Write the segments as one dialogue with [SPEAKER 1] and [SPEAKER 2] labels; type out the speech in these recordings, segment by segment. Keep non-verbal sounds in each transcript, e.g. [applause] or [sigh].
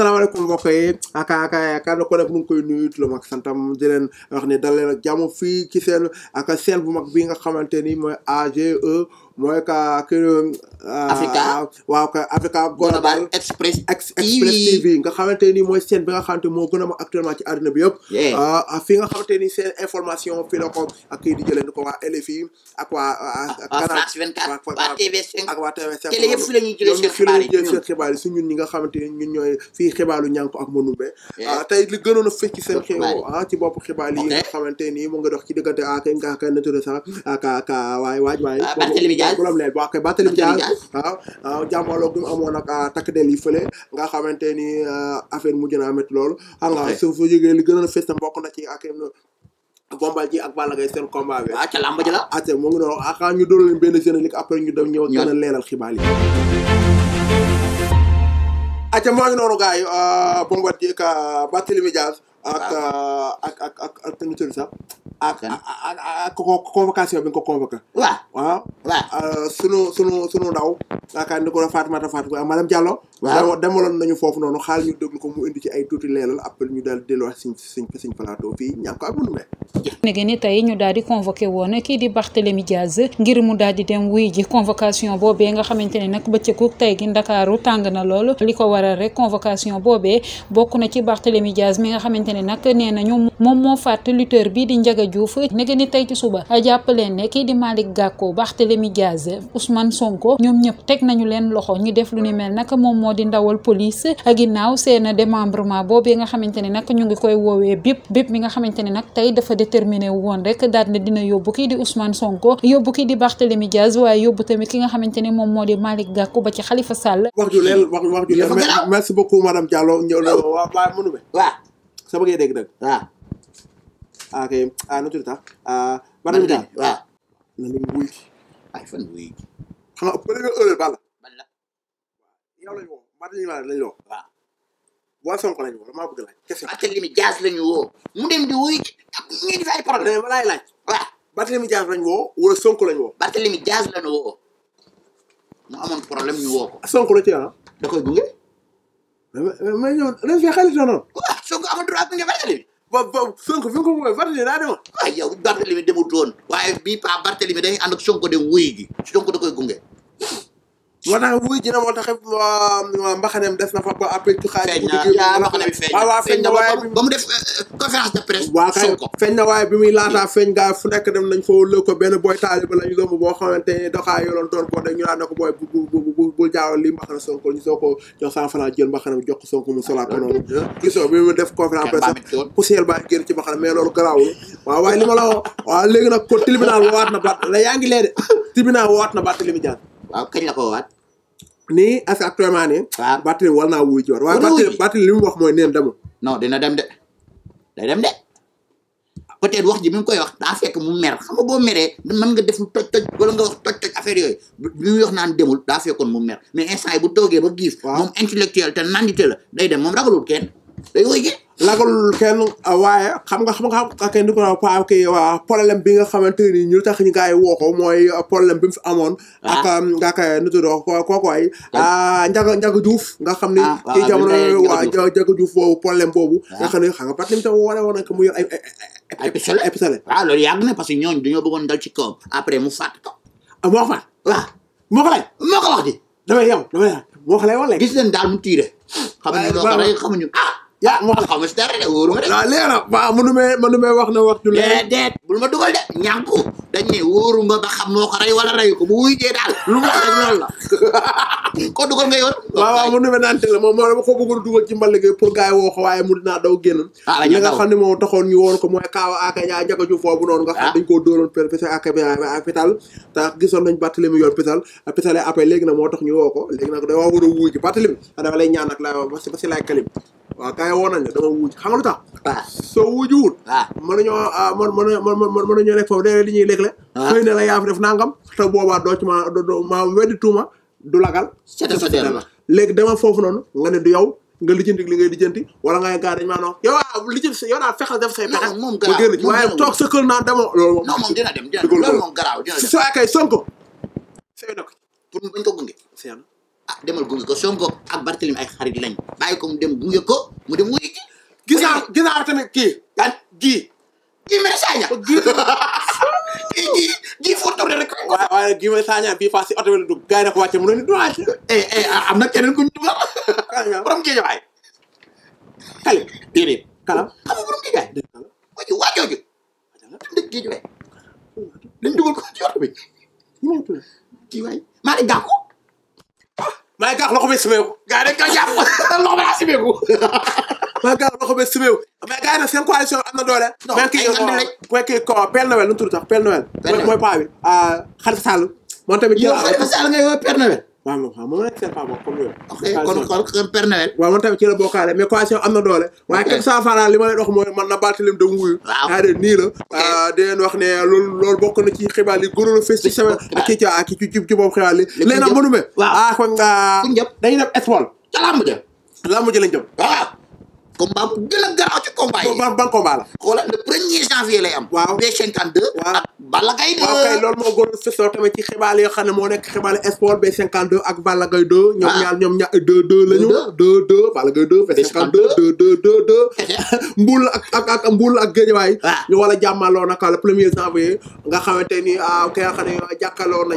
[SPEAKER 1] salaamaaleykum mbokk yi aka aka yaakaar na ko def nu ngi koy nuyu lu mag santam di leen wax ne dal leen ak jàmm fii ci seen ak seen bu mag bii nga xamante ni mooy AGE mooy ka ki. Euh, Africa waaw ka Africa. Global Express Express TV nga xamante ni mooy seen bi nga xamante moo gën a mag ci àddina bi yëpp. Euh, fi nga xamante ni seen information fi la ko ak kii di jëlee ni ko waa LFI ak waa. waa France 24 waa TV 5 ak waa fi la seen xibaar ñun ñi nga xamante ni ñun fii xibaaru ñànk ak mënumbe. Euh, tey li gënoon a fekk ci seen ah, bopp xibaar yi nga xamante ni mu ngi dox ci diggante ak nga xamante ne sax ak ak waay ah, Diagne borom leen waaw kay Barthélémy Dias waaw waaw jàmbaarloog bi mu amoon ak takk del yi fële nga xamante ni affaire mujj na métti loolu xam nga su fa jógee li gën a fës tam bokk na ci ak Bombardier ji ak Balla Gaye seen combat bi. waaw ca làmb ji la. ah te moo ngi noonu ah ñu doon leen benn générique après ñu dem ñëw gën a leeral xibaar yi. acca maa ngi noonu gars yi Bombardier ji ak Barthélémy Dias ak ak ak ak ak sax. ak ak convocation bi nga ko convoqué. waaw waaw. waaw euh, sunu sunu sunu ndaw. yaakaar ni ko Fatoumata Fatou madame Diallo. waaw demaloon nañu foofu noonu xaal ñu déglu ko mu indi ci ay tuuti leeral après ni tey ñu daal di convoqué woon kii di Barthélémy Diaz ngir mu daal di dem wuy ji convocation boobee nga xamante ne nag bëccëgu tey gi Ndakaaru tàng na lool li ko waral rek convocation boobee bokk na ci Barthélémy Diaz mi nga xamante ne nag nee moom moo fàtt lutteur bi di Ndiaga Diouf nege ni tey ci suba jàppaleen ne kii di Malick Gakou Barthélémy Diaz Ousmane Sonko ñoom ñëpp teg nañu leen loxo ñu def lu ni mel nag moom moo di ndawal police ginnaaw seen démembrement boobu nga xamante ne nag ñu ngi koy woowee bip bip mi nga xamante ne nag tey dafa déterminé woon rek daal na dina yóbbu kii di Ousmane Sonko yóbbu kii di Barthélémy Diaz waaye yóbbu tamit ki nga xamante ne moom moo di Malick Gakou ba ci Khalifa Sall wax ju leen wax wax ju leen merci beaucoup madame Diallo ñëw na waaw waaw mënu be waaw sama ngay ah kay ah nu tudd ta ah. Badara Mbita waaw. na lu wuy ki. ay fan wuy ki. xanaa première heure ba la. ban la. yow la ñu waa Sonko la ñu woo damaa bëgg laaj. kese bi Barthélémy Dias woo. mu dem di wuy ki ak ñu di fa ay problème. mais walaay laaj. waaw Barthélémy Dias la ñu woo wala Sonko la ñu woo. Barthélémy Dias la ñu woo. mu amoon problème ñu woo ko. Sonko la ci yoon da koy gunge. mais mais mais ñoom dañu fee xarit noonu. waaw ba ba Sonko fi nga ko woowee Barthélemy daa demoon. waaw yow Barthélemy demut woon. waaye bii paa Barthélemy de ànd ak Sonko de wuyu ji Sonko da koy gunge. moo tax wuy ji na moo na fa ba après. ci xaalis bu feeñ na mbaxaneem feeñ na feeñ na waaye ba mu def waaw kay feeñ na waaye bi muy laataa feeñ gaa fu nekk dem nañ foo wëlloo ko benn booy taaliba lañ lomb ne doxaa yoroon doon ko ko booy bu bu bu bu jaawal li mbaxana Sonko ñu soo ko jox cent franc jël mbaxaneem jox ko Sonko mu [laughs] bi mu def conférence de presse poussière baa génn ci mbaxaneem mais loolu garaawul waaw waaye li ma la wax waaw nag ko tribunal waat na baat la yaa ngi lee de tribunal waat na baat li mu jaar waaw kañ la ko waat nii as actuellement nii. waaw Barthélémy war naa wuy joor. waaye Barthélémy li mu wax mooy neen demul. non dina dem de day dem de peut-être wax ji mi ngi koy wax daa fekk mu mer xam nga boo meree mën nga def toj toj wala nga wax toj toj affaire yooyu bi muy wax naan demul daa fekkoon mu mer mais instant yi bu toogee ba giif moom intellectuel te nandite la day dem moom ragalul kenn day woy ji. lagalul kenn ah, waaye xam nga xam nga kenn du ko wax kii waa problème bi nga xamante ni ñu tax ñu gaay woo ko mooy problème bi mu fi amoon. Ah. ak nga um, kay nu tuddoo kooku ay. Ah, Ndiaga Ndiaga Diouf nga xam ni. kii jamono waa Ndiaga Diouf boobu problème boobu. nga xam ne xam nga Barthélémy Dias wane woon mu yor ay ay épisodes. waaw loolu yàgg na parce que ñooñu dañoo bëggoon dal ci kawam après mu faat ko. moo ko faat waaw moo ko lay moo ko wax di damay yow damay yow moo ko lay wax léegi. gis leen daal mu tiire. xamuñu loo ko rey xamuñu ah. yaa moom xaw ma si dara de wóoru ma de. waaw léegi nag waaw mënu may mënu may wax na wax. ju leen déet bul ma dugal de ñànku dañ ne wóoru nga ba xam moo ko rey wala rey ko bu wuy jee daal lu ma rek loolu la. [laughs] ko dugal nga yor. waaw waaw mënu ma naan teel a moom moo ko bëggoon dugal ci mbaligé pour gars yi woo ko waaye mu dinaa daw génn. ah la nga xam ne moom taxoon ñu woon ko mooy Kaawa Aka Ndiaye Ndiaga Diouf foofu noonu. nga xam ah. dañ koo dóoroon pété ak pétal te gisoon nañ Barthélémy yor pétal pétal après léegi nag moo tax ñu woo ko léegi nag da waa war a wuy ji Barthélémy ah, dafa lay ñaan ak la ba si lay kalim waaw waaye woo nañ la dama wuuj xam nga lu tax. waaw soo wuujuwul. waaw mën nañoo ah, mën mën mën mën a nekk foofu li ñuy léeg-léeg. Ah. na la yaa fi def nangam te boobaa doo ci ma ma weddi tuuma du lagal. c'est vrai léegi dama foofu noonu nga ne du yow. nga lijjanti li ngay lijjanti wala ngay gaa dañ maa noo ah, lijjanti sa yow daal fexal def say pexe moom garaaw ba waaye toog sa kër naan demoo loolu moom non moom dina dem dina dem loolu na ko pour bañ ko gunge ah demal gunge ko Sonko ak Barthélémy ay xarit lañ bàyyi ko mu dem gunge ko mu dem wuyu ji. gis naa gis na tamit kii. gi ji. Oh, [laughs] rek. waaye ji Mère Sagna bii faa si oto bi la dugg. gars yi mu ne du eh, eh, eh, am na keneen ku ñu dugal. borom géej waay. kale déedéet. kanam xam nga borom géej waay. waa ji waa jooju. dëgg géej waay. dañ dugal ko ci oto bi. ñu ngi tudd kii maa ngi loxo bi simeeku gars yi dañu [laughs] loxo bi laa simeeku [laughs] maa ngi gaax mais gars yi nag seen na doole. non kii koo Père Noël lu mu tudd sax mooy paa bi ah, Khalifa Sall moom tamit. yow Khalifa Sall ngay woowee Père Noël. waaw moom xam moom la seen papa comme yow. kon kon kon Père Noël. waaw man tamit ci la bokkaale mais coalition am a doole. a kek saa faral li ma leen wax mooy man na Barthélémy da nguyu. waaw yaa de nii la. Ah, di leen a fees waaw ah kon nga. fu ah. a Balla Gaye 2 moo gënoon fësoo tamit ci xibaar yoo xam ne moo nekk xibaar sport B52 ak Balla Gaye 2. Ah. ñoom ñaar ñoom ñaar la ñu. 2 2 Balla Gaye [laughs] Mboul ak ak Mboul ak Guédiawaye. Ah. ñu jàmmaloo nag nga xamante ni ah, kii nga xam ne jàkkaarloo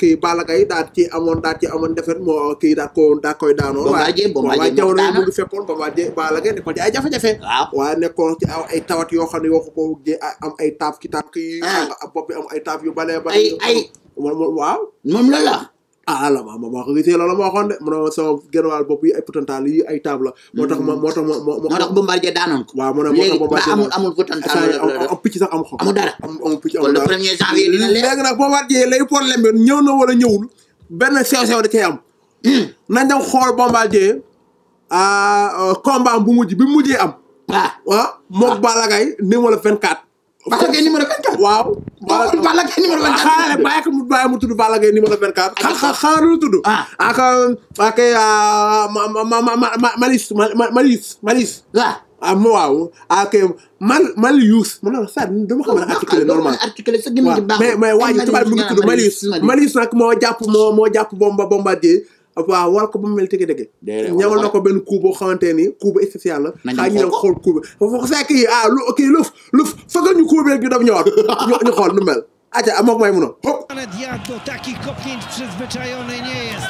[SPEAKER 1] kii Balla Gaye daal ci amoon daal ci amoon defet moo kii daal ko daal koy daanoo. Bombardier Bombardier waaw jamono yi mu ngi fekkoon Bombardier Balla Gaye nekkoon ci ay jafe-jafe. waaw waaye ay tawat yoo xam ne yoo ko am ay taab ci tànk yi. ah bopp bi am ay taaf yu balee. ba ay ay waaw. moom la la. ah la ma ma ko gisee loolu ma waxoon de mu ne sama genn wàll bopp yi ay potentiel yi ay table la. moo tax ma hmm. moo tax ma ma. moo tax Bombardier daanoon ko. waaw moo tax léegi ba amul amul potentiel am picc sax am xo. amul dara amul picc amul dara kon le premier janvier dina leer. léegi nag Bombardier lay problème bi ñëw na wala ñëwul benn sew sew da cay am. Hmm. nañ dem xool Bombardier ah, combat bu mujj bi mujjee am. waaw ah, ah moog Balla Gaye numéro 24. Balla Gaye numéro 24. waaw Balla Gaye numéro 24. xaaral bàyyi ko mu bàyyi mu tudd Balla Gaye numéro 24. xaar xaar xaar lu tudd. ah ak euh, ak euh, ma ma ma ma Malis Malis Malis. waaw waaw ak euh, Mal Malius. ma ne la Sadio dama xam ne articulé ah, normal. articulé sa gën a baax mais mais waa ji tubaab mi ngi tudd Malius. Malius nag moo jàpp moo moo jàpp bomba bombardier waaw war ko ba mu mel tëgg dëgg ñawal na ko benn coup boo xamante ni coup bu spécial la xaa xool coup bi foofu fekk yi ah lu ok luf luf fagal ñu coup bi rek ñu dem ñëwaat ñu xool nu mel aca mook may mun a ale diablo takich kopnięć przyzwyczajony nie jest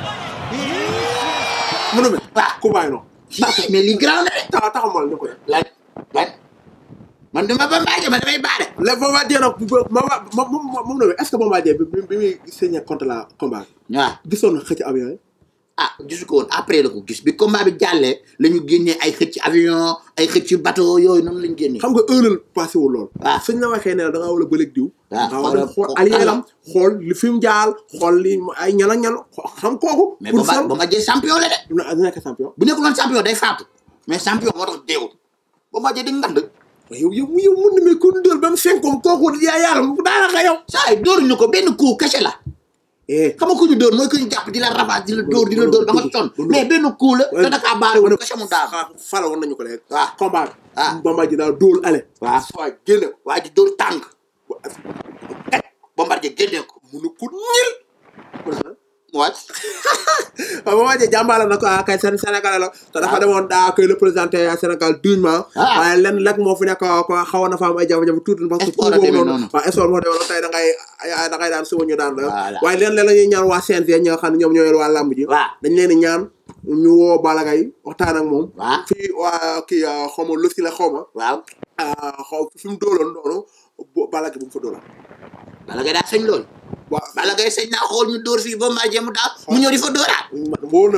[SPEAKER 1] munu mel waaw coup ko lan man dama Bombardier man damay baare léegi Bombardier nag moom moom moom est-ce que bi bi muy signé contre la combat waaw gisoon na xëcc avion ah gisu ko woon après la ko gis bi combat bi jàllee la ñu génnee ay xëcc avion ay xëcc bato yooyu noonu la ñu génnee xam ga heure passé wu lool waaw ah. suñ la waxee ne da ngaa war a bëleeg diw waaw ah, war a xool alielam xool fi mu jaal xool li ay ñala ñal xam kooku mais ba ma jee champion la de nekk champion bu nekk loon champion day faatu mais champion moo tax deewul ba ma jee di ngand yow yow yow mun na mais kon dóor ba mu fenkoom kooku yaa yaaram daanaka yow saa yi dóoruñu ko benn coup kese la Eh. xam nga ku ñu dóor mooy ku ñu jàpp di la rabaat di la dóor di la dóor ba nga sonn mais benn coup la te da kaa baare woon kacamu daal fala woon nañu ko rek waaw combat waaw ah. Bombardier daal dóor ale waaw soo waa ji dóor tàng Bombardier génne ko munu ko ñil wàcc waaw boo wàccee jàmbaale na ko ah kay Sénégalais la te dafa ah. demoon daa koy représenté Sénégal dignement ah. waaye lenn lekk moo fi ah, na fa am ay jafe-jafe tuuti parce que pour boobu noonu waaw espoir moo demee noonu tey da ngay da ngay la waaye lenn la ñuy ñaan waa CNG ñi nga ne ñoom ñoo yor waa làmb ji dañ leen di ñaan ñu woo Balla Gaye waxtaan ak moom fii waa kii xawma lu si la xawma waaw xaw fi mu dóoloon noonu Balla Gaye bu mu fa dóoloon Balla daa sëñ loolu waaw Balla Gaye sañ naa xool ñu dóor fii ba Mbaye mu daal mu ñëw di fa dóoraat. wóor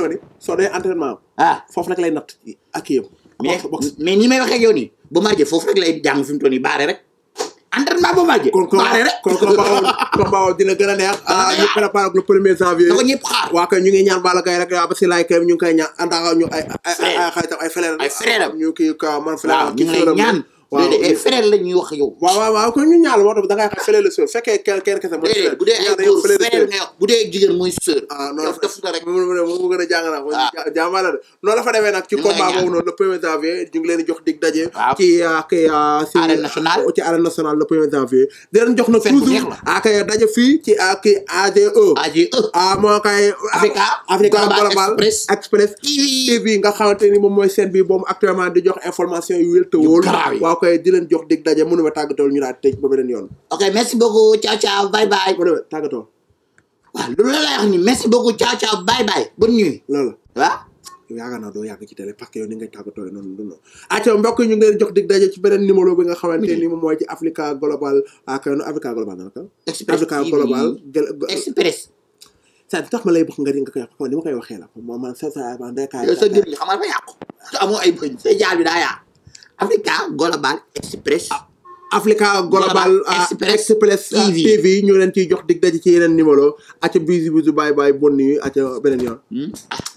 [SPEAKER 1] soo dee entraînement ah. foofu rek lay natt ak yow. mais mais ni may waxee ak yow foofu rek lay jàng fi mu toll nii baare rek. entraînement ba Mbaye. baare rek kon kon kon dina gën a neex. ah ñu préparé ak le premier janvier. dafa xaar waa kay ñu ngi ñaan Balla Gaye rek ah, ba si laay kër ñu ngi koy ñaan ànd ak ay. ay ay xaritam ah, man frère. waaw ñaan waaw waaw waaw waaw kon ñun ñaar moo tax la sœur fekkee kenn mooy wax bu ah, a ah. jàng naa ko. waaw jaamaa la de noonu la fa demee nag. ci combat boobu noonu le premier janvier ñu ngi leen jox dig daje. waaw ci euh, kay. Euh, arène nationale ci arène nationale le premier janvier. di leen jox na toujours ah euh, kay daje fii ci kii AGE. AGE ah moo kay. Africa Africa Global Express TV nga xamante ni moom mooy seen bi boobu actuellement di jox information yu wér te koy di leen jox dig daje mënu ma tàggatool ñu daal tëj ba beneen yoon. ok merci beaucoup ciao ciao bye bye. mënu ma tàggatoo. waaw loolu la lay wax ni merci beaucoup ciao ciao naa doo yàgg ci télé parce que yow ni ngay tàggatoo noonu du noonu acca mbokk ñu ngi leen jox dig daje ci Africa Global ak naka euh, ah, express sa tax ma lay bëgg nga di nga koy wax ma koy waxee la moom man sa sa man day fa yàqu te amoo ay bëñ sa jaar daa yàqu Africa Global Express. Africa Global euh, Express euh, TV ñoo leen ciy jox dig daje ci yeneen numéro. acca bisu bisu baay baay bonne nuit acca beneen yoon. Hmm?